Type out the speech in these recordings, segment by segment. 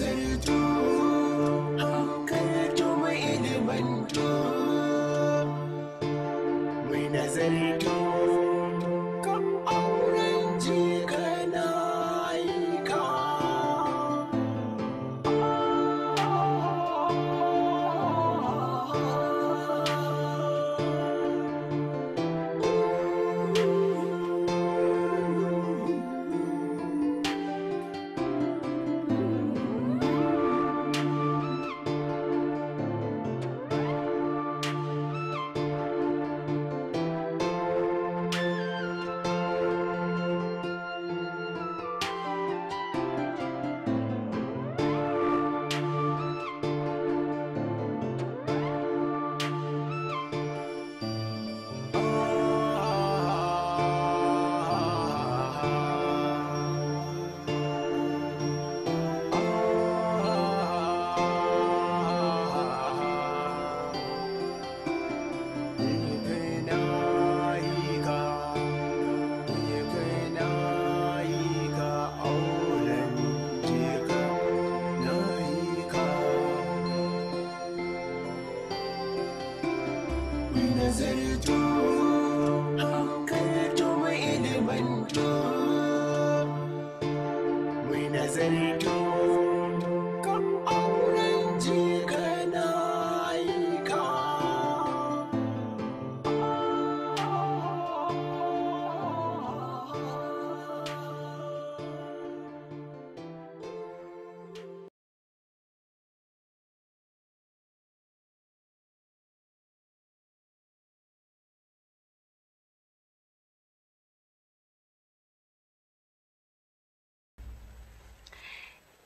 as you do.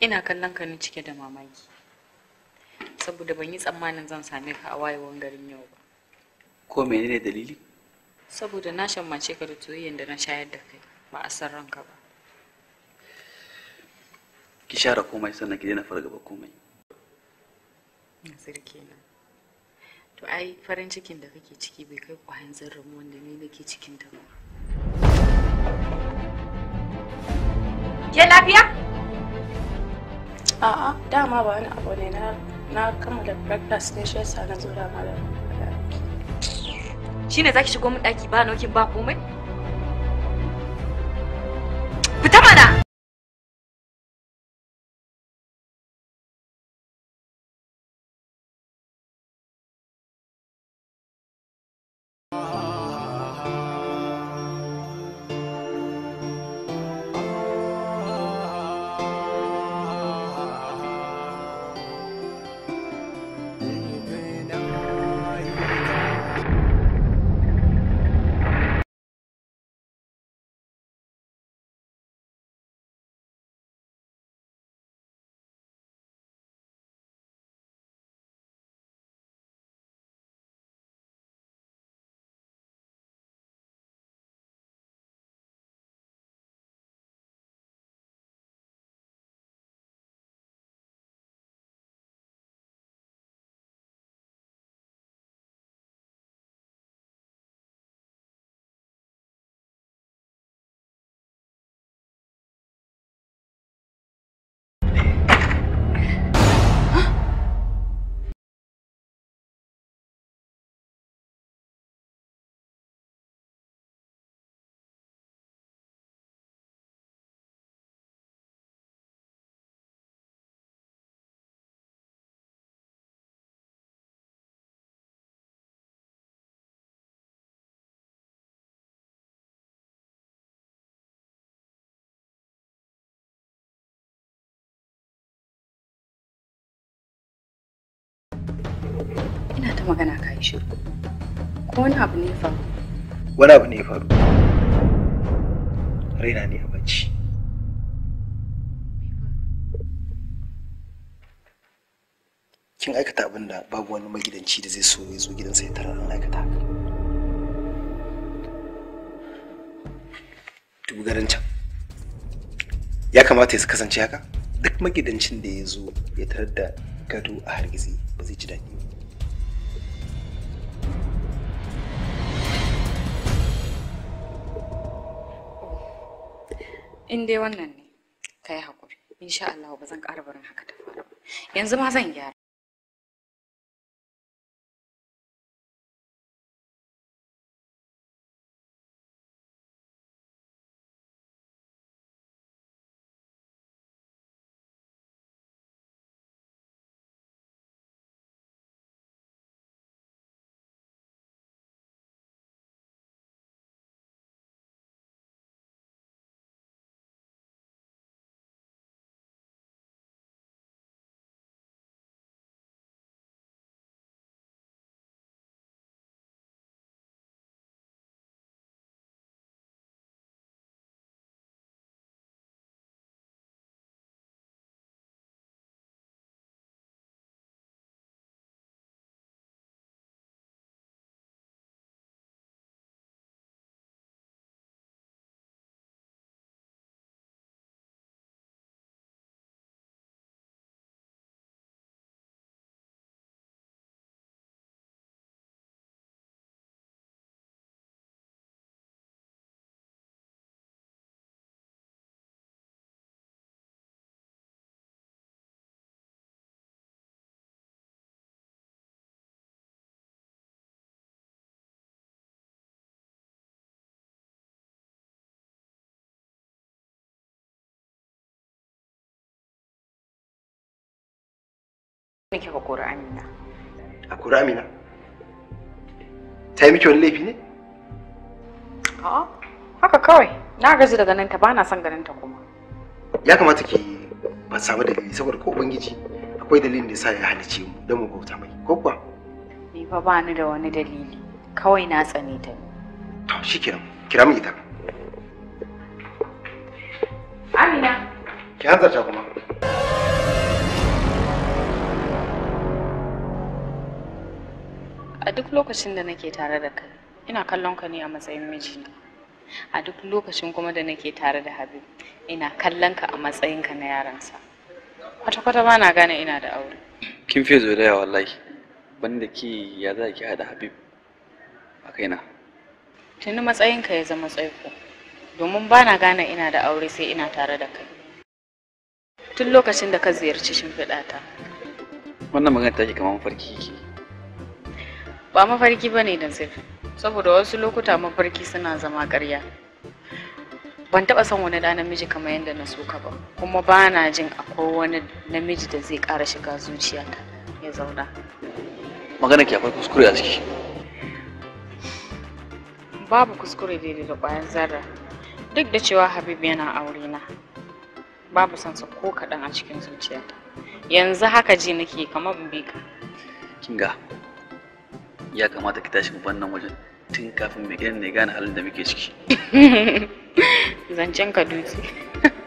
ina kallon ka ni cike da mamaki saboda ban yi tsammanin zan same ka a wayewan garin yau ba ko menene dalili saboda na shammace ka da soyayyen da na shayar da kai ba a san ranka ba ki share komai sannan ki daina fargaba komai sarki na to ai farin cikin da kake ciki bai kai kwayan zarramu wanda ni nake cikin ta ba ke lafiya a'a dama ba wani abu ne na na kammala breakfast ne shi yasa na zo da malam za ki shigo mu daki ba nokin ba komai Ina ta magana ka yi shiru. Ko wani abu ne ya faru? Wani abu ne ya faru. Raina ne a bacci. Kin aikata abin da babu wani magidanci da zai so ya zo gidansa ya tarar an aikata haka. Dubu garancin. Ya kamata ya kasance haka? Duk magidancin da ya zo ya tarar da gado a hargizi ba zai ji daɗi ba. in dai wannan ne ka yi haƙuri insha Allah ba zan ƙara barin haka ta yanzu ma zan gyara Me ka kori Amina? A kori Amina? Ta yi miki wani laifi ne? A'a, haka kawai. Na gaji da ganin ta bana son ganin ta kuma. Ya kamata ki ban samu dalili saboda ko ubangiji akwai dalilin da yasa ya halice mu don mu bauta mai. Ko kuwa? Ni fa ba ni da wani dalili. Kawai na tsane ta ne. To shikenan, kira mu ita. Amina. Ki hanzarta kuma. a duk lokacin da nake tare da kai ina kallon ka ne a matsayin mijina a duk lokacin kuma da nake tare da habib ina kallon ka a matsayin ka na yaransa kwata-kwata ba na gane ina da aure kin fiye zo da yawa wallahi banda ki ya za ki hada habib a kaina tuni matsayin ka ya zama tsaiko domin ba na gane ina da aure sai ina tare da kai tun lokacin da ka ziyarci ta. wannan magana take kamar mafarki kike ba mafarki ba ne nazir saboda wasu lokuta mafarki suna zama ƙarya ban taɓa son wani da namiji kamar yadda na so ka ba kuma ba na jin akwai wani namiji da zai ƙara shiga zuciyata ya zauna magana ki akwai kuskure a ciki babu kuskure daidai da ƙwayan zarra duk da cewa habib yana aure na babu sansa ko kaɗan a cikin zuciyata yanzu haka ji nake kamar in bi ka kinga ya kamata ki tashi mu wannan wajen tun kafin mai gidan ne gane halin da muke ciki zancen ka dutse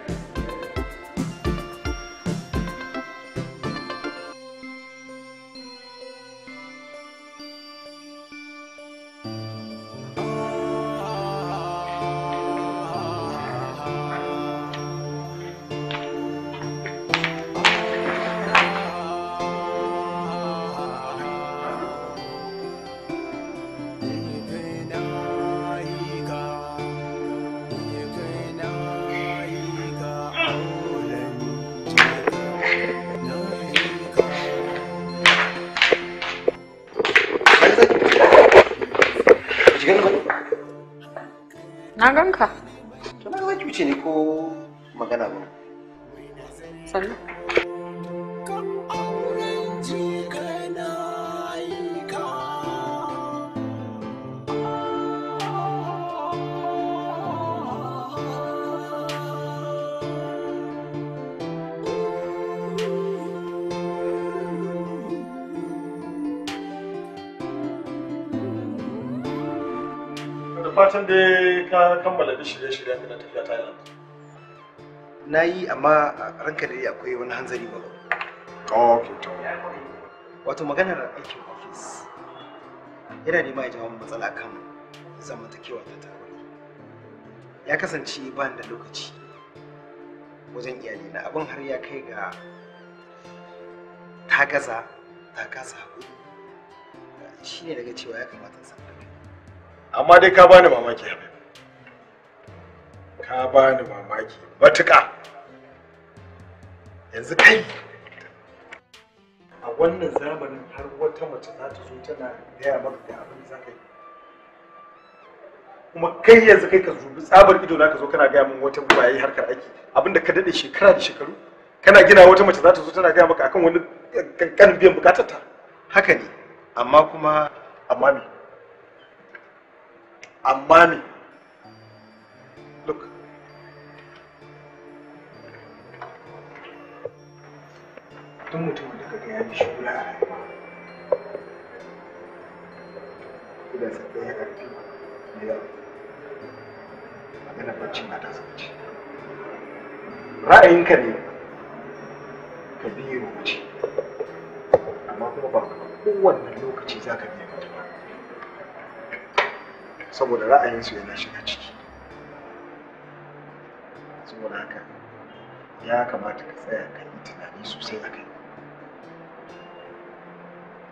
ka kammala duk shirye-shiryen da na tafiya Thailand? Na yi amma ranka da akwai wani hanzari ba. Ok, to. Wato maganar aikin ofis yana nema ya jawo matsala kan zamantakewa ta tare. Ya kasance ba da lokaci wajen iyali na abin har ya kai ga ta gaza ta kasa haƙuri shi ne daga cewa ya kamata sa amma dai ka bani mamaki abin ta bani mamaki matuƙa yanzu kai a wannan zamanin har wata mace za ta zo tana gaya maka da abin da za ka yi kuma kai yanzu kai ka zubi tsabar ido na ka zo kana gaya min wata bayi harkar aiki abinda ka daɗe shekara da shekaru kana gina wata mace za ta zo tana gaya maka akan wani kankanin biyan bukatar ta haka ne amma kuma amma me amma me duk mutum da kaga ya bi shula a rayuwa idan sa ɗaya ƙarfi da yawa magana bacci na ta sauci ra'ayinka ne ka biye wa mace amma kuma ba kowane lokaci za ka biya mata ba saboda ra'ayinsu yana shiga ciki saboda haka ya kamata ka tsaya ka yi tunani sosai a kai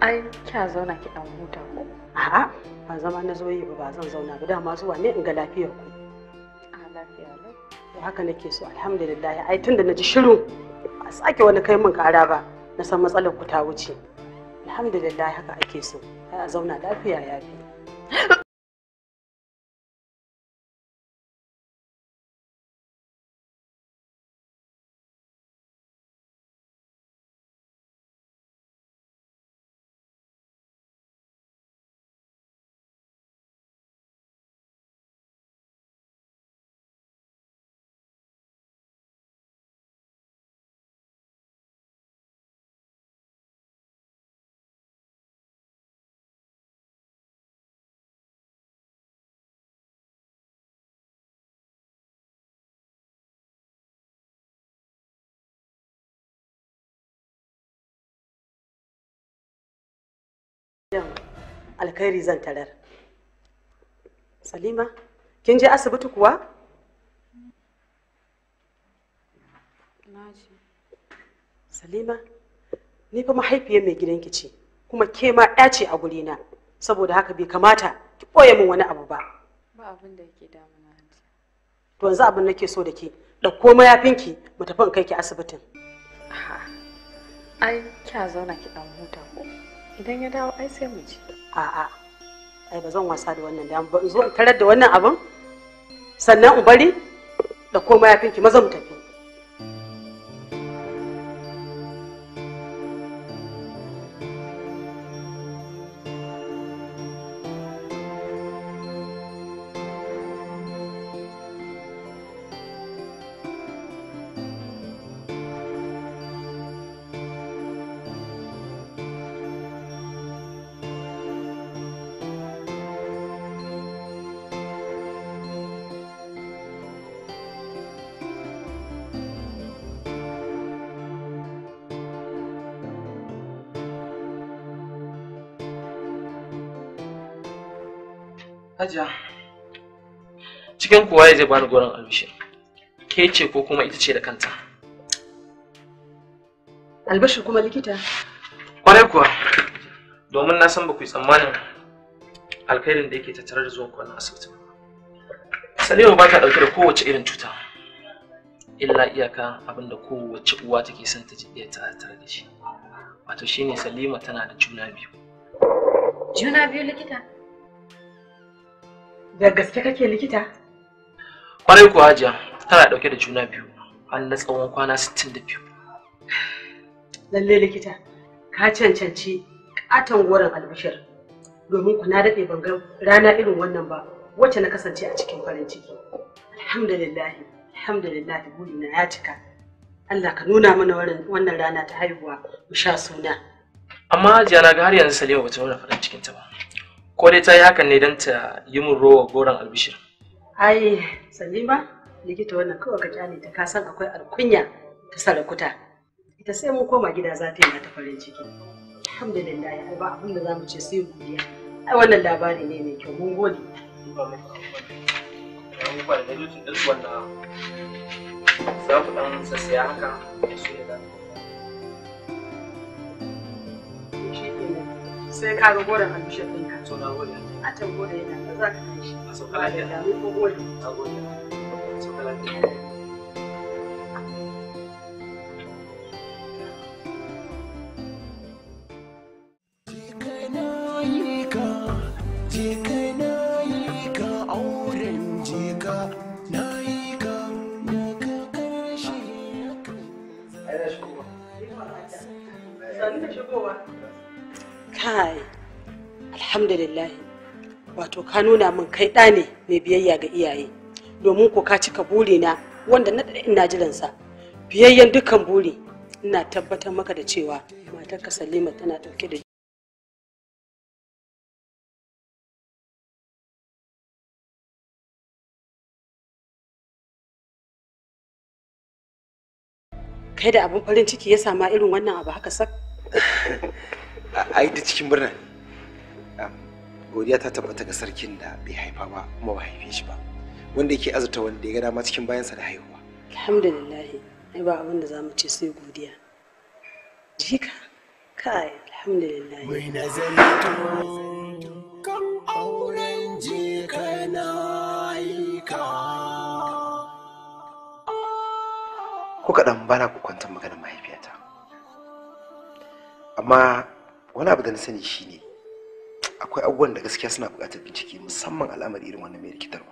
ai kya zauna ki dan huta ko a'a ba zama na zo ba ba zan zauna ba dama zuwa ne in ga lafiyar ku a lafiya ne to haka nake so alhamdulillah ai tunda na ji shiru a sake wani kai mun kara ba na san matsalar ku ta wuce alhamdulillah haka ake so a zauna lafiya yafi alkhairi zan tarar salima kin je asibiti kuwa salima ni fa mahaifiyar mai gidanki ce kuma ke ma ya ce a na saboda haka bai kamata ki ɓoye min wani abu ba ba abin da yake damuna to yanzu abin nake so da ke ɗauko mayafinki mu tafi in kai ki asibitin ai kya zauna ki ɗan huta ko idan ya dawo ai sai mu je a'a ai ba zan wasa da wannan dama ba zo in tarar da wannan abin sannan in bari da komai ya finki maza mu tafi Hajiya. Cikin kuwa zai bani goron albishir. Ke ce ko kuma ita ce da kanta. Albashir kuma likita. Kwarai kuwa. Domin na san ba ku yi tsammanin alkhairin da yake tattare da zuwan kwanan asibiti. Salima ba ta ɗauke da kowace irin cuta. Illa iyaka abinda kowace uwa take son ta ji iya tattare da shi. Wato shine Salima tana da juna biyu. Juna biyu likita? Da gaske kake likita? Kwarai ku, hajiya tana dauke da juna biyu har na tsawon kwana 62. Lalle likita, ka cancanci katon goron albishir domin ku na daɗe bangar rana irin wannan ba wacce na kasance a cikin farin ciki. Alhamdulillah, alhamdulillah burina ya cika. Allah ka nuna mana wannan rana ta haihuwa mu sha suna. Amma hajiya na ga har yanzu Saliwa bata nuna farin cikinta ba. ko dai ta yi hakan ne don ta yi min rowa goron albishir ai salima likita wannan kawai ka kyale ta kasan akwai alkunya ta sarakuta ita sai mun koma gida za ta yi mata farin ciki alhamdulillah ai ba abin da zamu ce sai godiya ai wannan labari ne mai kyau mun gode za ku dan sassaya haka da su ne sai ka ga goron hannu shi ɗinka. So na gode. A can gode yana da za ka kai shi. A sauka lafiya. Da mu gode. Na gode. Sauka lafiya. Sannu da shigowa. kai alhamdulillah wato ka nuna min kai ɗa ne mai biyayya ga iyaye domin ko ka cika burina wanda na daɗe ina jiransa biyayyen dukkan buri ina tabbatar maka da cewa matarka salima tana ɗauke da kai da abin farin ciki ya sama irin wannan abu haka sak ai da cikin birnin godiya ta tabbata ga sarkin da bai haifa ba kuma ba haife shi ba wanda yake azurta wanda ya gada ma cikin bayansa da haihuwa alhamdulillah ai ba abin da za mu ce sai godiya jika kai alhamdulillah mai nazarto kan auren jika na ka ko kaɗan bana ku kwantar magana mahaifiyata amma wani abu da na sani shine akwai abubuwan da gaskiya suna buƙatar bincike musamman al'amari irin wannan mai rikitarwa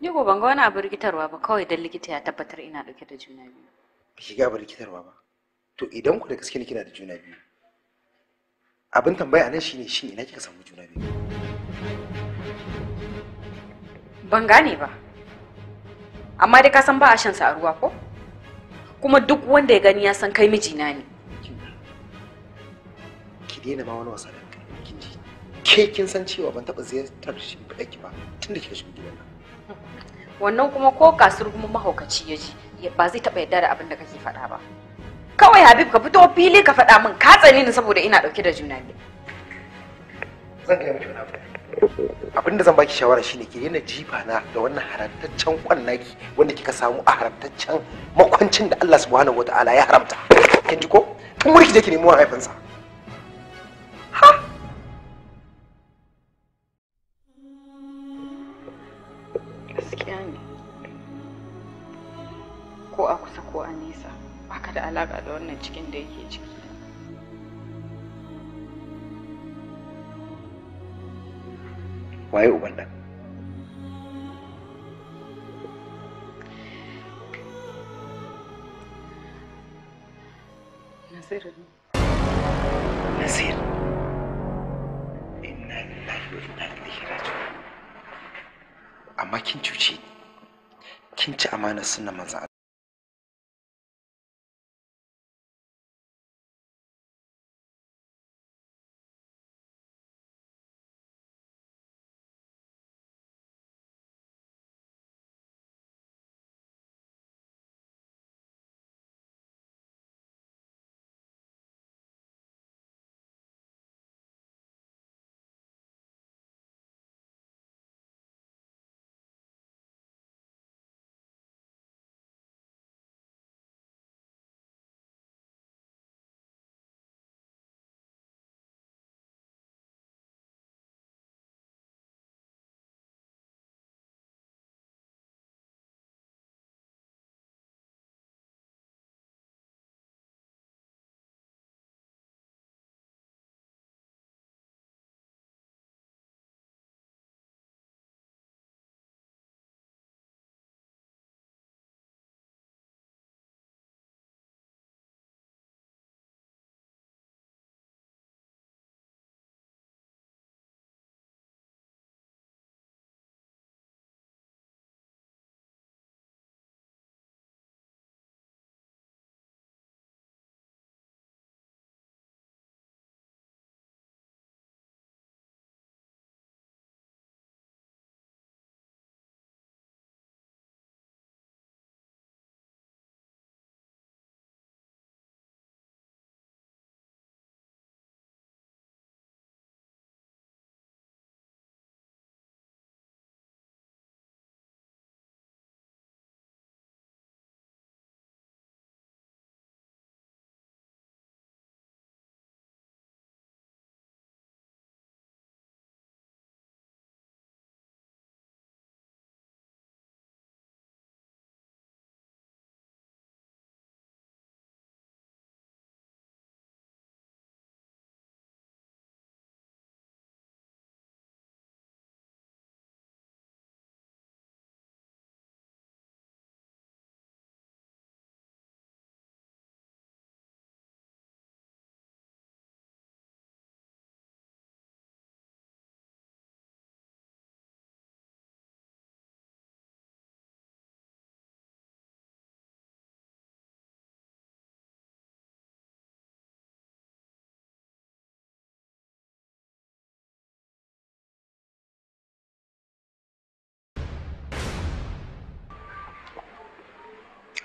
ni ko ban ga wani abu rikitarwa ba kawai dan likita ya tabbatar ina dauke da juna biyu ba shiga abu rikitarwa ba to idan ku da gaske ne kina da juna biyu abin tambaya nan shine shin ina kika samu juna biyu ban gane ba amma dai ka san ba a shan sa a ruwa ko kuma duk wanda ya gani ya san kai mijina ne daina ma wani wasa da kin ji ke kin san cewa ban taɓa ziyartar shi ba ki ba tun da kika shigo gidan nan wannan kuma ko kasur kuma mahaukaci ya ji ba zai taɓa yarda da abin da kake faɗa ba kawai habib ka fito fili ka faɗa min ka tsani ni saboda ina ɗauke da juna biyu zan gaya miki wani abin da zan baki shawara shine ki daina jifa na da wannan haramtaccen kwannaki wanda kika samu a haramtaccen makwancin da Allah subhanahu wataala ya haramta kin ji ko tun murki ki je ki nemi mahaifinsa da alaƙa da wannan cikin da yake ciki waye uban ɗan Nasiru. nasiru inna lillahi wa inna ilaihi raji'un amma kin cuce ni kin ci amanar sunan manzon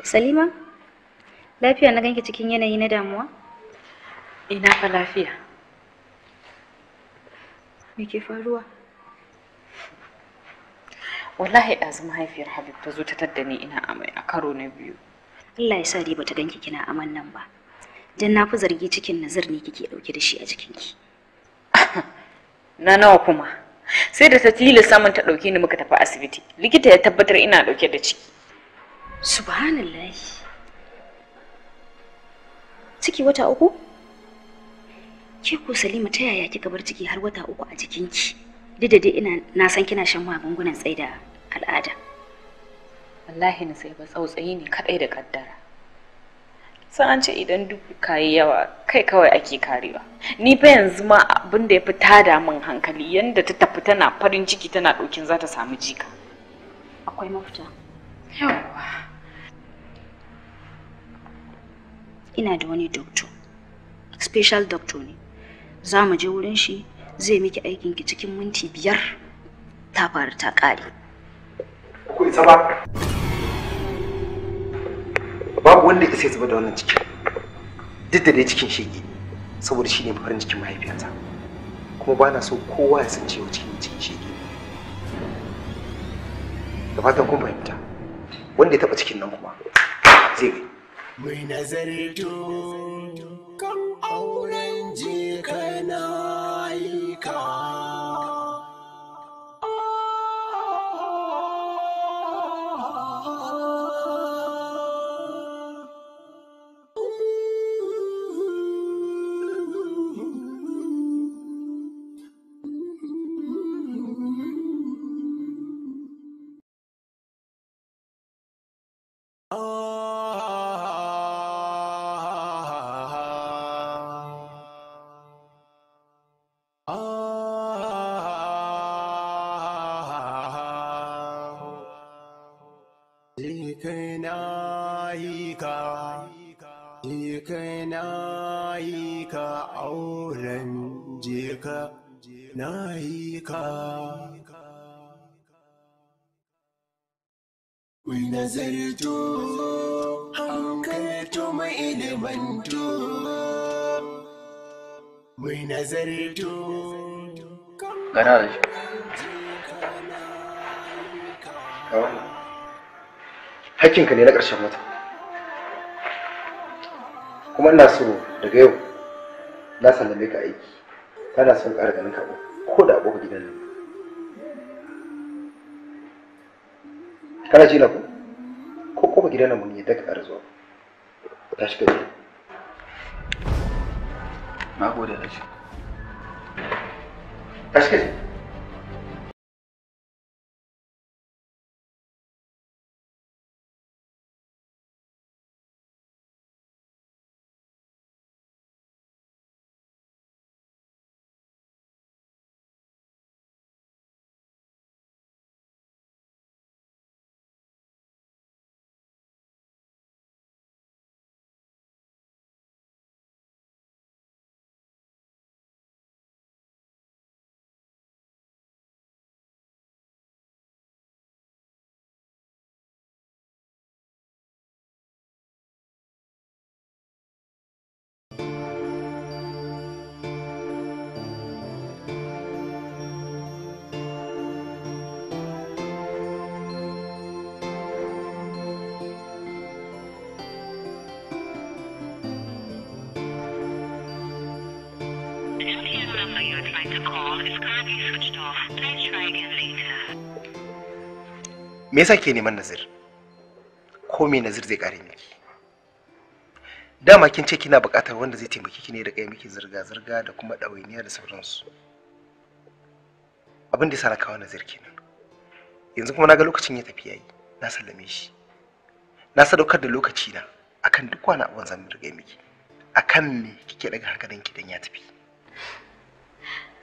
Salima, lafiya na ganki cikin yanayi na damuwa? Ina fa lafiya. Me ke faruwa? Wallahi ɗazu mahaifiyar Habib ta zo ta tadda ni ina amai a karo na biyu. Allah ya sa dai bata ganki kina aman nan ba. Dan na fi zargi cikin nazar ne kike ɗauke da shi a jikinki. na nawa kuma. Sai da ta tilasta mun ta ɗauke ni muka tafi asibiti. Likita ya tabbatar ina ɗauke da ciki. subhanallah ciki wata uku ke ko salima ta yaya kika bar ciki har wata uku a jikinki duk da dai ina na san kina shan magungunan da al'ada wallahi na sai ba tsautsayi ne kadai da kaddara san an ce idan duk kayi yawa kai kawai ake karewa ni fa yanzu ma abin da ya fi tada min hankali yanda ta tafi tana farin ciki tana ɗokin za ta samu jika akwai mafita yawa ina da wani doctor special doctor ne za mu je wurin shi zai miki aikin ki cikin minti biyar ta faru ta kare Ku isa ba. Babu wanda sai zuba da wannan cikin. Duk da dai cikin shege saboda shi ne farin cikin mahaifiyata. Kuma ba na so kowa ya san cewa cikin cikin shege. Da fatan kun fahimta. Wanda ya taɓa cikin nan kuma mai tun kan auren jikana. hakkinka ne na ƙarshen wata kuma ina so daga yau na sallame ka aiki kana son ƙara ganin ka ko da abokan gidan nan kana ji na ku ko kuma gidan nan mun yi daga ƙara zuwa tashi ka je na gode da shi tashi Me yasa ke neman Nazir? Ko me Nazir zai kare miki? Dama kin ce kina buƙatar wanda zai taimaki ki ne da kai miki zirga-zirga da kuma ɗawainiya da sauransu. Abin da ya sa na kawo Nazir kenan. Yanzu kuma na ga lokacin ya tafi yayi. Na sallame shi. Na sadaukar da lokaci na akan duk wani abun zan riga miki. Akan me kike daga hankalinki dan ya tafi?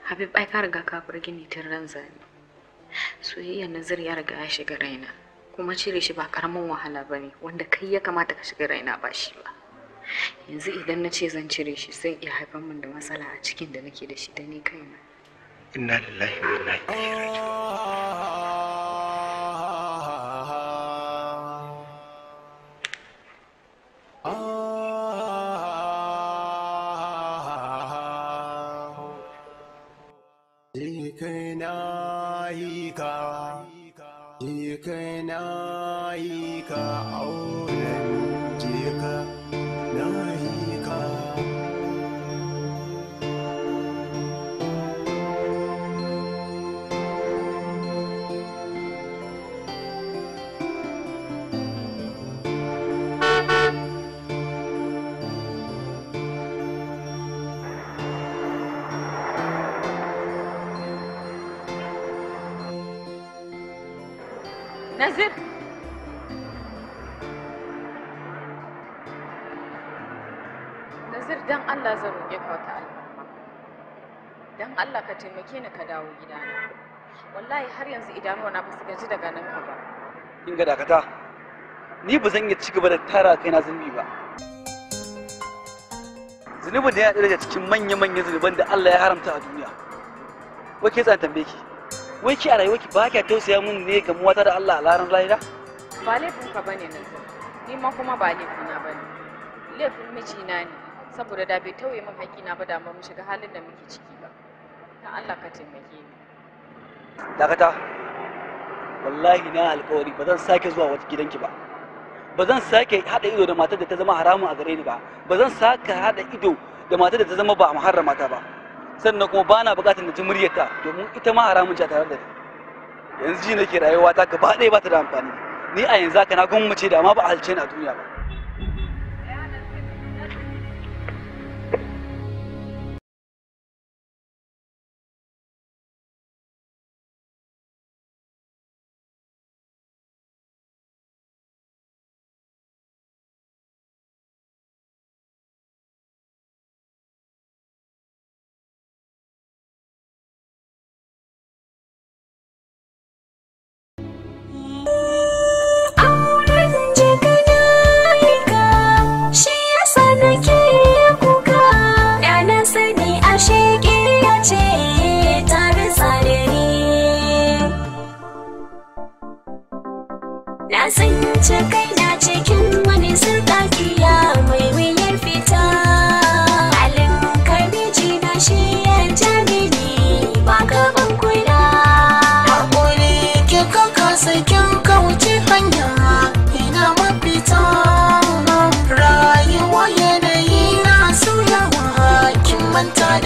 habib ai ka riga ka furgi ni tun ran zane soyayyar nazar ya riga ya shiga raina kuma cire shi ba karamin wahala ba ne wanda kai ya kamata ka shiga raina ba shi ba yanzu idan na ce zan cire shi zai iya haifar min da matsala a cikin da nake da shi da ni kaina inna lillahi wa inna ilaihi raji'un ka taimake ni ka dawo gida na? wallahi har yanzu idanuwa na basu gaji daga nan ka ba in ga dakata ni ba zan iya ci gaba da tara kai na zunubi ba zunubin da ya daga cikin manya-manyan zunuban da Allah ya haramta a duniya wai ke tsan tambaye ki wai ki a ki ba kya tausaya mun ne ga muwata da Allah a laran lahira ba laifin ka bane nan ni ma kuma ba laifin na bane laifin na ne saboda da bai tauye min na ba da mun shiga halin da muke ciki Allah dakata wallahi na alkawari ba zan sake zuwa wata gidanki ba ba zan sake hada ido da matar da ta zama haramun a gare ni ba ba zan sake hada ido da matar da ta zama ba muharrama ta ba sannan kuma bana bukatar na ji muryarta domin ita ma haramun ta tare da ni yanzu ji nake rayuwa ta gaba ɗaya ba ta da amfani ni a yanzu haka na gummace da ma ba a halce ni a duniya ba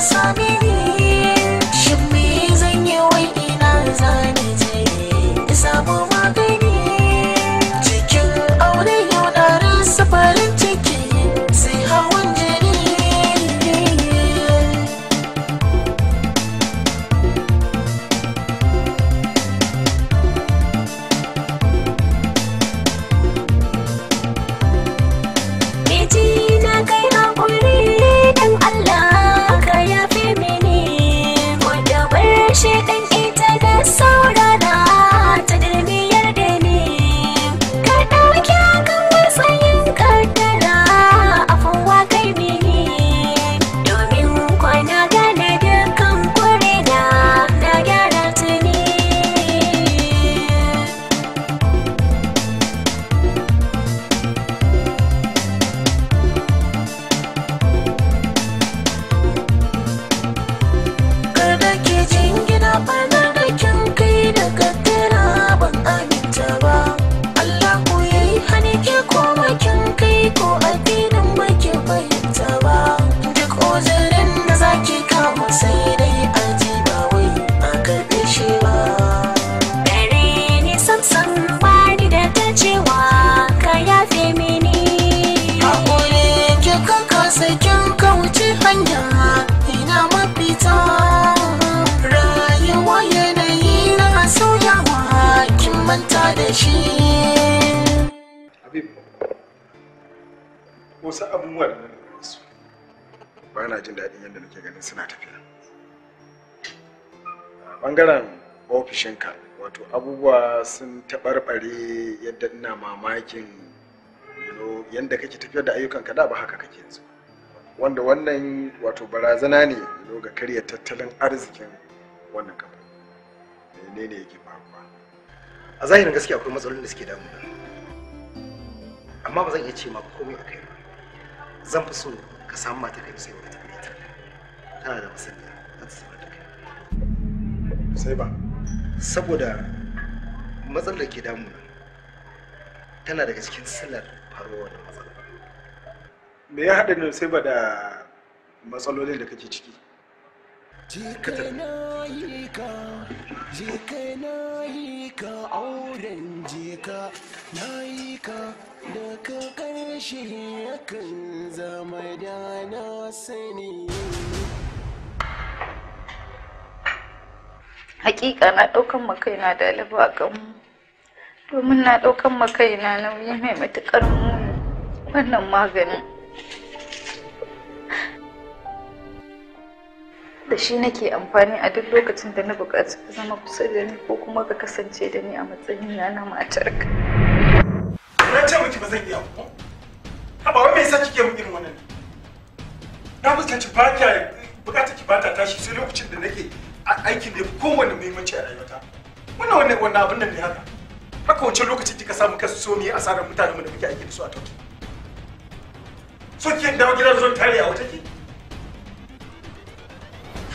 someday shi habib wasu abubuwa da nan su ba na jin daɗin yadda nake ganin suna tafiya a ɓangaren ofishinka wato abubuwa sun taɓarɓare yadda ina mamakin yadda kake tafiyar da ayyukanka da ba haka kake yanzu wanda wannan wato barazana ne ga karya tattalin arzikin wannan kamfani menene yake a zahirin gaskiya akwai matsalolin da suke damuna amma ba zan iya ce ma komai a kai ba zan fi so ka samu mata kai sai wata kai ta tana da masaniya za ta samu da kai sai ba saboda matsalar da ke damuna tana daga cikin sallar faruwa da matsalar me ya haɗa ne sai ba da matsalolin da kake ciki Hakika na ɗaukan makai na jika, na Hakika na ɗaukan makai na ɗaukan nauyi mai matuƙar muni wannan maganin. da shi nake amfani a duk lokacin da na buƙaci ka zama kusa da ni ko kuma ka kasance da ni a matsayin na na matarka. Na ce miki ba zan iya ku. Haba wai me yasa kike mun irin wannan? Na fuskanci ba ta buƙatar ki ba ta tashi sai lokacin da nake aikin da kowanne muhimmanci a rayuwata. Wannan wannan wannan abin nan ne haka. Haka wancan lokacin kika samu kasu so ne asarar mutanen mu da muke aiki da su a Tokyo. So ki dawo gidan zon tare a wata ki?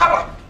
How about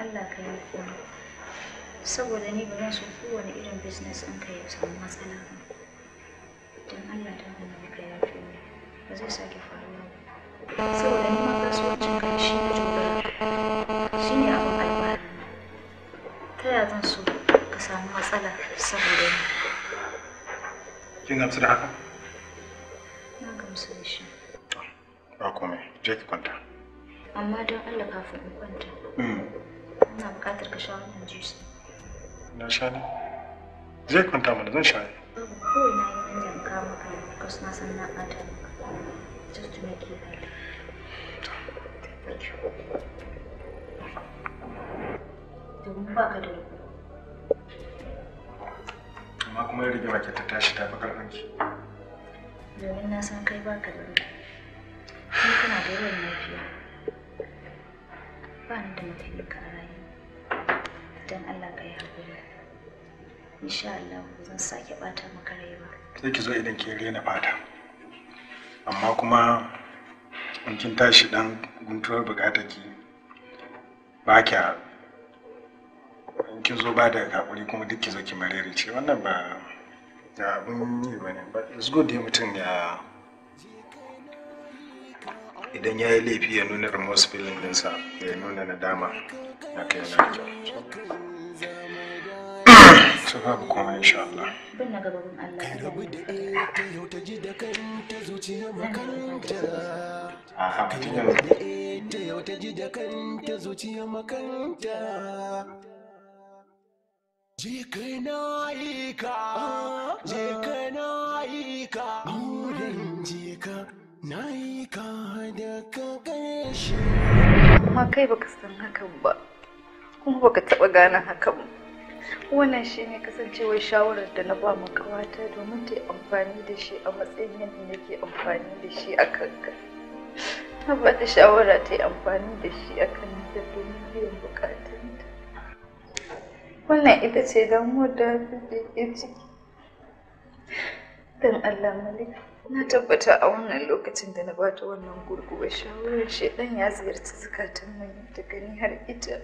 Allah ka yi komai saboda ni ba zan so kowane irin business ɗin ka ya samu matsala ba don Allah ta hana maka ya fi ba zai sake faruwa ba saboda ni ma kasuwancin ka shi ne shi ne abin alfahari ta yaya zan so ka samu matsala saboda ni kin gamsu da haka na gamsu da shi ba komai je ki kwanta amma don Allah kafin in kwanta mm. ina buƙatar ka sha wannan juice. Na sha ne? Zai kwanta mana zan sha ne. Kawai na yi hanyar kawo maka yi, because na san na ɓata maka. Just to make you happy. Thank you. Domin ba ka da rubu. Amma kuma ya rage baki ta tashi ta fi ƙarfinki. Domin na san kai ba ka da rubu. kuma kana da yawan lafiya. Ba ni da mafi ka a dan Allah ka yi haƙuri insha Allah zan sake bata maka rayuwa sai ki zo idan ki rena fata amma kuma in kin tashi dan guntuwar bukatar ki ba ki kin zo ba da haƙuri kuma duk ki zo ki marere ce wannan ba abun yi ba ne ba it's good dai mutum ya idan ya yi laifi ya nuna remorse feeling dinsa ya nuna nadama ya kai na kyau su babu kuma insha Allah Aha, Jikana ika, jikana ika, auren na ka da ka gaishe amma kai baka san hakan ba kuma baka taɓa gane hakan ba wannan shi ne kasancewar shawarar da na ba makawata domin ta yi amfani da shi a matsayin yadda nake amfani da shi a kanka na ba ta shawara ta yi amfani da shi a kan da domin biyan bukatunta wannan ita ce damuwar da ke ciki Dan allah malika na tabbata a wannan lokacin da na bata wannan gurguwa shawarar shedan ya ziyarci zukatan nan daga ni har ita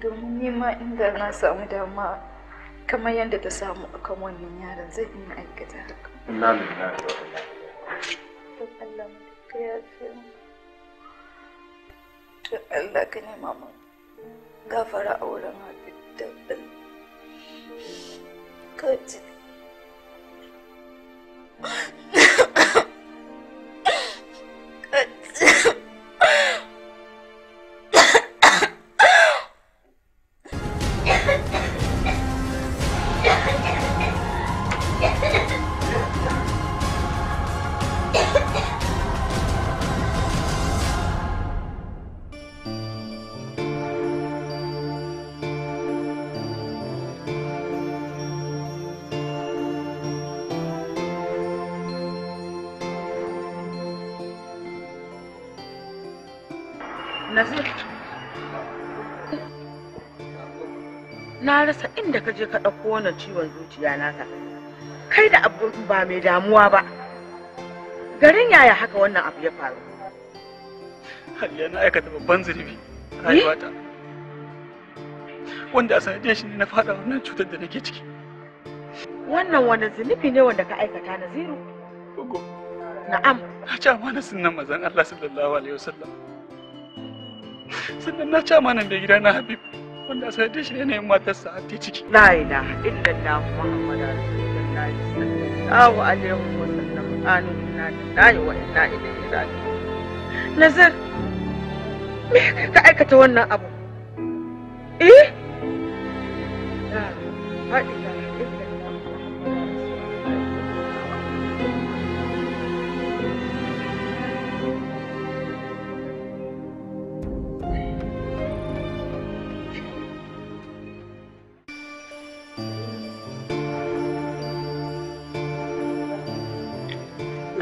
domin nema inda na samu dama kamar yadda ta samu akan wannan yaran zai yi aikata haka. Ina gafara a wurin 咳 咳 rasa inda ka je ka ɗauko wannan ciwon zuciya naka kai da abu ba mai damuwa ba garin yaya haka wannan abu ya faru Haliya na aikata babban zurfi a rayuwata wanda a sanadiyar shi ne na fada wannan cutar da nake ciki wannan wani zunubi ne wanda ka aikata na zero Gogo. Na'am. Na ci amana sunan mazan Allah sallallahu alaihi wasallam. Sannan na ci amana mai gida na wanda sai da shi yanayin matarsa a ta ciki la ilaha na muhammadu rasulullahi sallallahu alaihi wa sallam amin inna lillahi wa inna ilaihi raji'un nazar me kai ka aikata wannan abu eh faɗi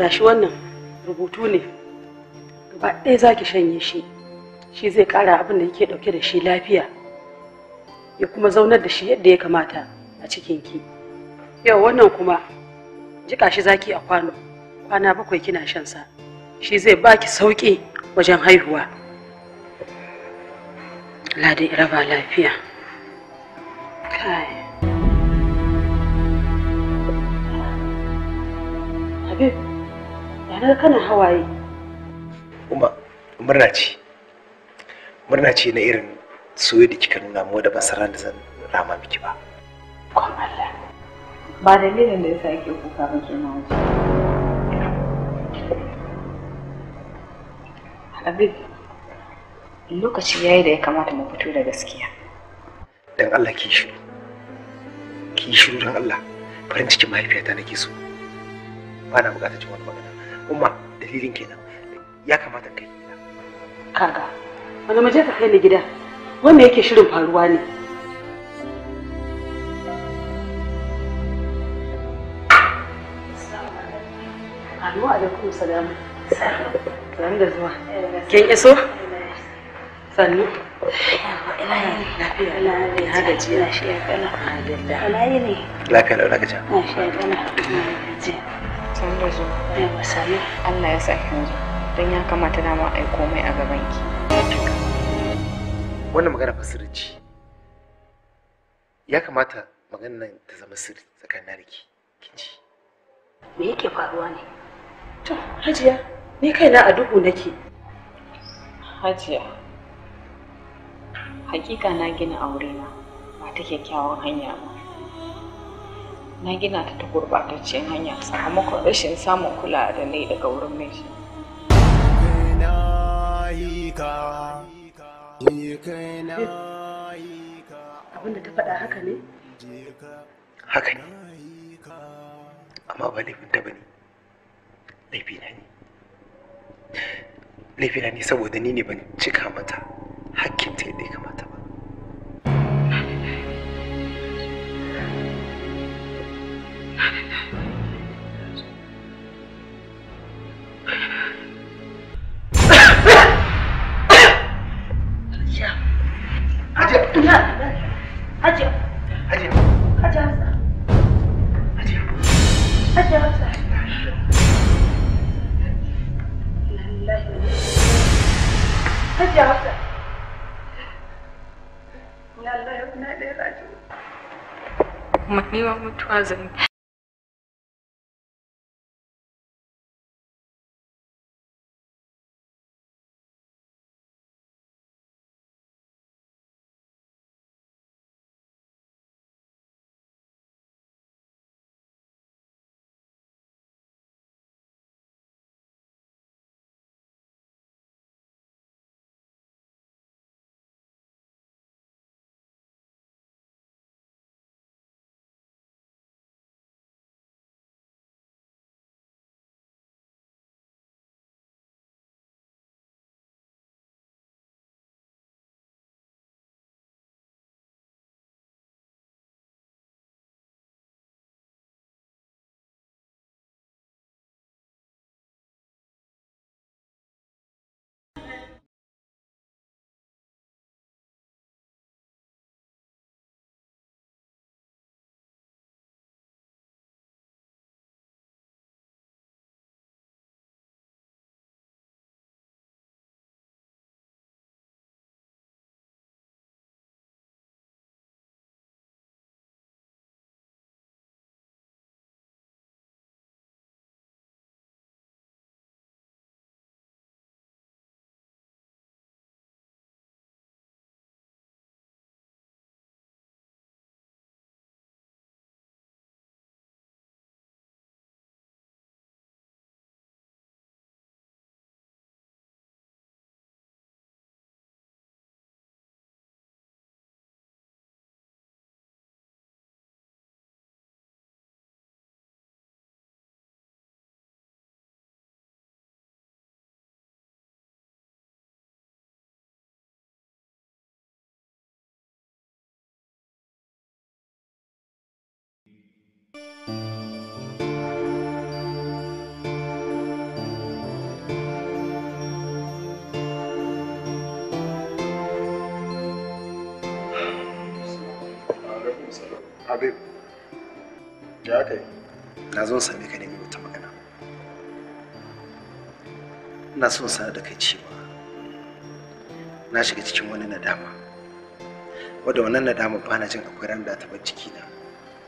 gashi wannan rubutu ne gaba ɗaya za shanye shi shi zai ƙara abin da yake ɗauke da shi lafiya ya kuma zaunar da shi yadda ya kamata a cikinki yau wannan kuma jika shi zaki a kwano kwana bakwai kina shan sa shi zai baki sauƙi wajen haihuwa ladi raba lafiya kai you. Na kana hawaye. Kuma murna ce. Murna ce na irin soyayya da kika nuna mu da san da zan rama miki ba. ba Allah. Ba dalilin da yasa yake kuka ba ke nan. Habib, lokaci yayi da ya kamata mu fito da gaskiya. Dan Allah ki shi Ki shiru dan Allah. Farin cikin mahaifiyata nake so. Ba na bukatar jin wani magana. umma dalilin kenan ya kamata kai kaga wani ka kai ni gida wanda yake shirin faruwa ne Assalamu alaikum da zuwa. Kin iso? Sannu. Lafiya. Lafiya. Lafiya. Lafiya. Lafiya. Lafiya. Lafiya. Lafiya. Lafiya. Lafiya. Lafiya. Lafiya. Lafiya. san da zo yawa sami allah ya sa kin don ya kamata na a yi komai a gaban ki wannan magana fa sirri ya kamata maganar nan ta zama sirri tsakanin da ki kin me yake faruwa ne to hajiya ni kaina a duhu nake hajiya hakika na gina aure na ba ta kyakkyawan hanya ba na gina ta ta gurbataccen hanya sakamakon rashin samun kula da ni daga wurin miji. Abinda ta faɗa haka ne? Haka ne. Amma ba laifin ta bane. Laifina ne. Laifina ne saboda ni ne ban cika mata ta yadda ya kamata. buzzing na zo same ka wata magana. Ina son sanar da kai cewa na shiga cikin wani nadama. Wadda wannan nadama ba na jin akwai ran da ta bar jikina.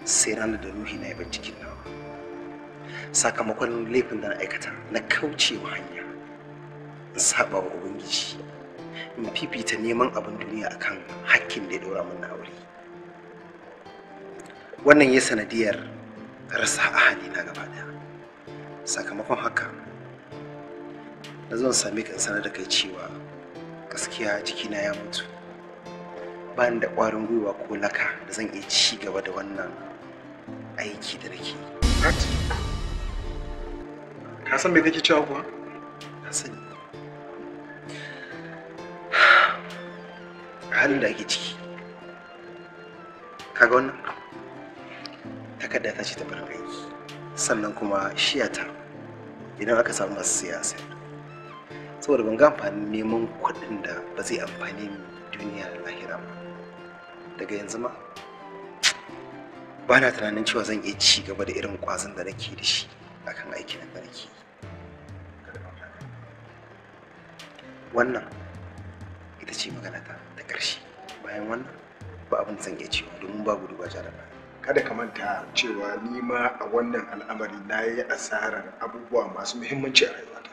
sai ranar da ruhi na ya cikin nawa sakamakon laifin da na aikata na kaucewa hanya in saba wa ubangiji in fifita neman abin duniya akan hakkin da ya dora min aure wannan ya sanadiyar rasa ahali na gaba daya sakamakon haka na zo same ka in sanar da kai cewa gaskiya jikina ya mutu bani da ƙwarin gwiwa ko laka da zan iya ci gaba da wannan aiki da nake What? Ka san me kake cewa kuwa? Ka sani. A halin da ake ciki. Kaga wannan? Takarda ta ce ta bar aiki. Sannan kuma shiyata idan aka samu masu siyasa. Saboda ban ga amfanin neman kuɗin da ba zai amfani duniyar lahira ba. Daga yanzu ma ba na tunanin cewa zan iya ci gaba da irin kwazon da nake da shi kan aikin da nake yi. wannan ita ce magana ta ta ƙarshe bayan wannan ba abin zan iya cewa domin babu duba jara ba kada ka manta cewa ni ma a wannan al'amari na yi asarar abubuwa masu muhimmanci a rayuwata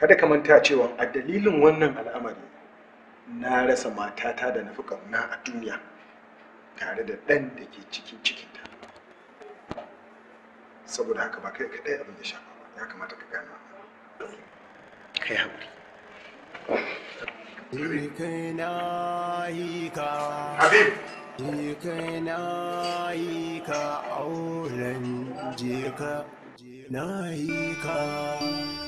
kada ka manta cewa a dalilin wannan al'amari na rasa matata da na fi kauna a duniya tare da ɗan da ke cikin cikinta saboda haka ba kai kaɗai abin da shafa ba ya kamata ka gano kai haƙuri Habib! na yi ka auren na yi ka